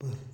but